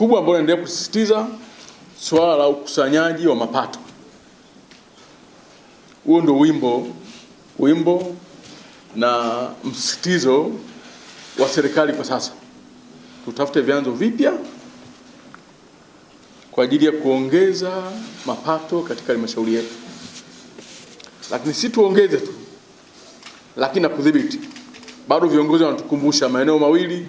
kubwa ambayo naendelea kusisitiza swala la ukusanyaji wa mapato. Huo ndio wimbo wimbo na msisitizo wa serikali kwa sasa. Tutafute vyanzo vipya kwa ajili ya kuongeza mapato katika halmashauri yetu, lakini si tuongeze tu, lakini na kudhibiti. Bado viongozi wanatukumbusha maeneo mawili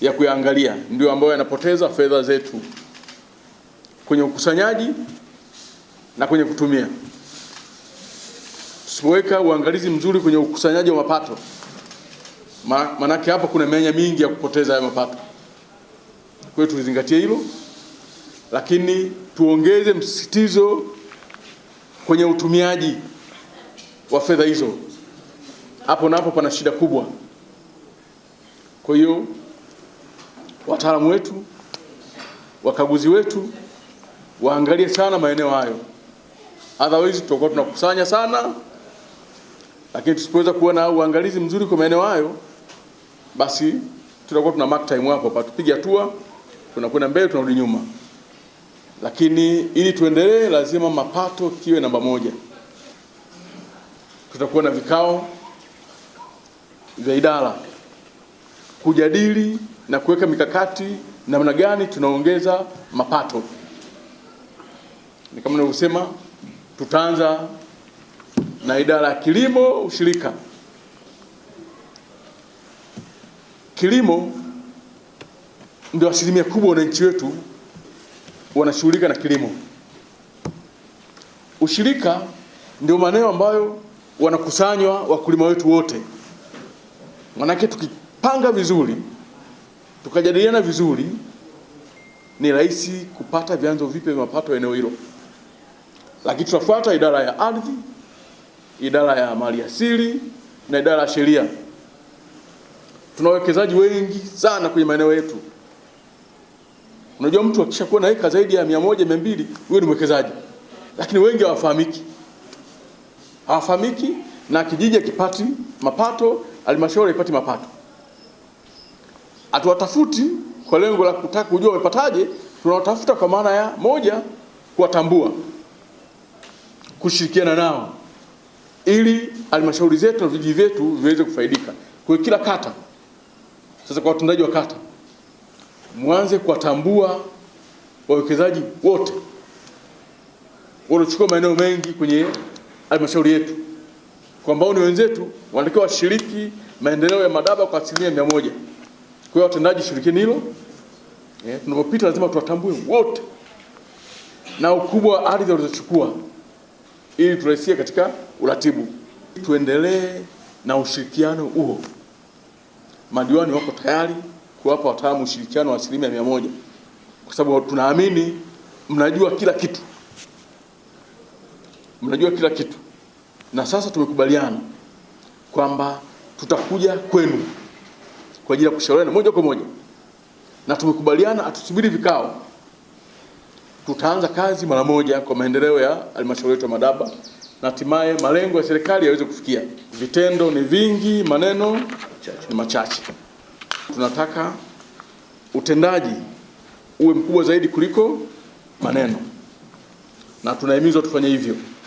ya kuyaangalia ndio ambayo yanapoteza fedha zetu kwenye ukusanyaji na kwenye kutumia. Tusipoweka uangalizi mzuri kwenye ukusanyaji wa mapato, maanake hapa kuna mianya mingi ya kupoteza haya mapato. Kwa hiyo tulizingatia hilo, lakini tuongeze msisitizo kwenye utumiaji wa fedha hizo. Hapo napo pana shida kubwa, kwa hiyo wataalamu wetu, wakaguzi wetu waangalie sana maeneo hayo, otherwise tutakuwa tunakusanya sana, lakini tusipoweza kuwa na uangalizi mzuri kwa maeneo hayo, basi tutakuwa tuna mark time hapo hapa, tupige hatua, tunakwenda mbele, tunarudi nyuma. Lakini ili tuendelee, lazima mapato kiwe namba moja. Tutakuwa na vikao vya idara kujadili na kuweka mikakati namna gani tunaongeza mapato. Ni kama nilivyosema, tutaanza na idara ya kilimo ushirika. Kilimo ndio asilimia kubwa wananchi wetu wanashughulika na kilimo. Ushirika ndio maeneo ambayo wanakusanywa wakulima wetu wote, manake tukipanga vizuri tukajadiliana vizuri, ni rahisi kupata vyanzo vipya vya mapato eneo hilo, lakini tunafuata idara ya ardhi, idara ya maliasili na idara ya sheria. Tuna wawekezaji wengi sana kwenye maeneo yetu. Unajua, mtu akishakuwa na eka zaidi ya mia moja mia mbili huyo ni mwekezaji, lakini wengi hawafahamiki, hawafahamiki na kijiji akipati mapato, halmashauri haipati mapato hatuwatafuti kwa lengo la kutaka kujua wamepataje, tunawatafuta kwa maana ya moja, kuwatambua, kushirikiana nao ili halmashauri zetu na vijiji vyetu viweze kufaidika. Kwa kila kata sasa, kwa watendaji wa kata mwanze kuwatambua wawekezaji wote wanaochukua maeneo mengi kwenye halmashauri yetu, kwa ambao ni wenzetu wanatakiwa washiriki maendeleo ya Madaba kwa asilimia mia moja. Kwa hiyo watendaji, shirikieni hilo yeah. Tunapopita lazima tuwatambue wote na ukubwa wa ardhi walizochukua ili turahisie katika uratibu. Tuendelee na ushirikiano huo. Madiwani wako tayari kuwapa wataalamu ushirikiano wa asilimia mia moja kwa sababu tunaamini mnajua kila kitu, mnajua kila kitu, na sasa tumekubaliana kwamba tutakuja kwenu kwa ajili ya kushauriana moja kwa moja, na tumekubaliana atusubiri vikao, tutaanza kazi mara moja kwa maendeleo ya halmashauri yetu ya Madaba na hatimaye malengo ya serikali yaweze kufikia. Vitendo ni vingi, maneno ni machache. Tunataka utendaji uwe mkubwa zaidi kuliko maneno, na tunahimizwa tufanye hivyo.